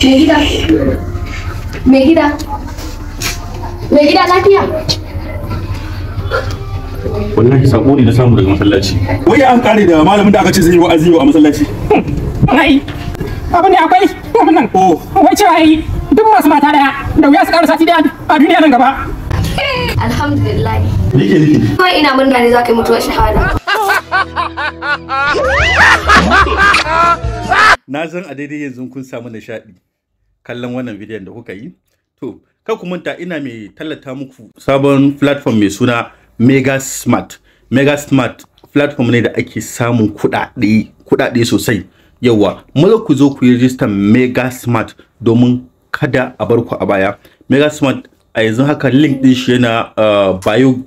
mai gida mai gida mai gida lafiya wallahi sako ne na samu daga masallaci wai an kare da malamin da aka ce zai yi wa'azi a masallaci ai abu ne akwai wannan nan oh. wai cewa yi duk masu mata daya da wuya su ƙara sati daya a duniya nan gaba alhamdulillah Ni nike nike kawai ina murna ne za ka yi mutuwar shahada na san a daidai yanzu kun samu nishaɗi kallon wannan bidiyon da kuka yi to kar ku manta ina mai tallata muku sabon platform mai suna mega smart mega smart platform ne da ake samun kuɗaɗe kuɗaɗe sosai yawa mala ku zo ku yi rijistar mega smart domin kada a bar ku a baya mega smart a yanzu haka link din shi yana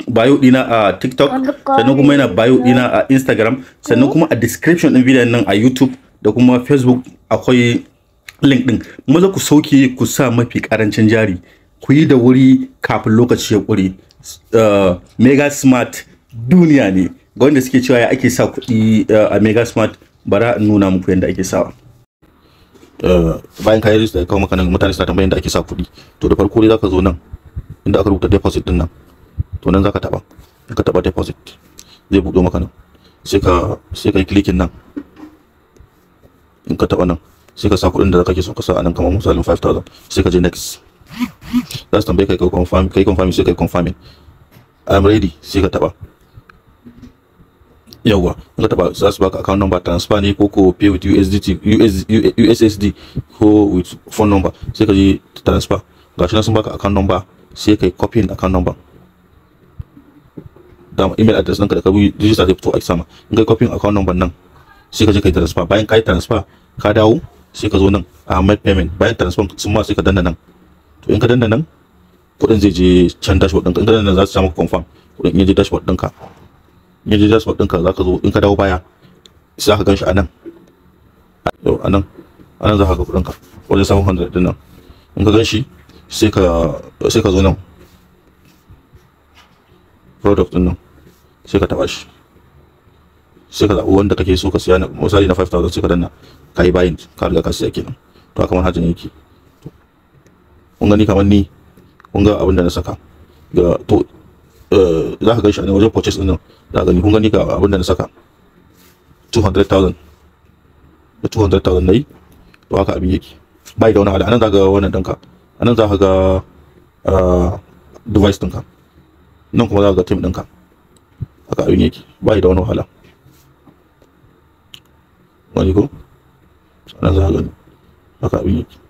Bayo dina a tiktok sannan kuma yana bayo dina a instagram sannan hmm? kuma a description din bidiyon nan a youtube da kuma facebook akwai link din maza ku sauke ku sa mafi karancin jari ku yi da wuri kafin lokaci ya kure eh, mega smart duniya ne ga wanda suke cewa ya ake sa kuɗi eh, a mega smart bara in nuna muku yadda ake sawa eh, bayan kayan rista ya kawo maka nan mutane suna tambayin da ake sa kuɗi to da farko dai zaka zo nan inda aka rubuta deposit din nan to nan zaka taba in ka taba deposit zai buɗo maka nan sai ka sai ka yi clicking nan in ka taba nan sai ka sa kuɗin da kake so ka sa anan kamar misalin 5000 sai ka je next za su tambaye ka kai confirm kai confirm sai kai confirm i'm ready sai ka taba yawa ka taba za su baka account number transfer ne ko ko pay with USDT USSD ko with phone number sai ka je transfer gashi nan sun baka account number sai kai copy in account number da email address ɗinka da ka bi digital da fito a sama in kai in account number nan sai ka je kai transfer bayan kai transfer ka dawo sai ka zo nan a make payment bayan transfer sun ma sai ka danna nan to in ka danna nan kuɗin zai je can dashboard ɗinka in ka danna nan za su samu confirm kuɗin in je dashboard ɗinka in je dashboard ɗinka za ka zo in ka dawo baya za ka gan shi a nan yau a nan a nan za ka ga kuɗinka wajen samun 100 ɗin nan in ka gan shi sai ka sai ka zo nan product ɗin nan sai ka taɓa shi sai ka zaɓi wanda kake so ka siya na misali na 5000 sai ka danna ka bayin ka riga ka siya kenan to a kamar hajjin yake kun gani kamar ni kun ga abin da na saka ga to eh, za ka gan shi a wajen purchase ɗin nan za ka gani kun gani ka abin da na saka 200,000 da 200,000 na yi to haka abin yake bai da wani hada anan za ka ga wannan ɗinka anan za ka ga eh, device ɗinka nan kuma za ka ga team ɗinka haka abin yake bai da wani wahala Assalamualaikum. Salam sahabat. Pakak Bini.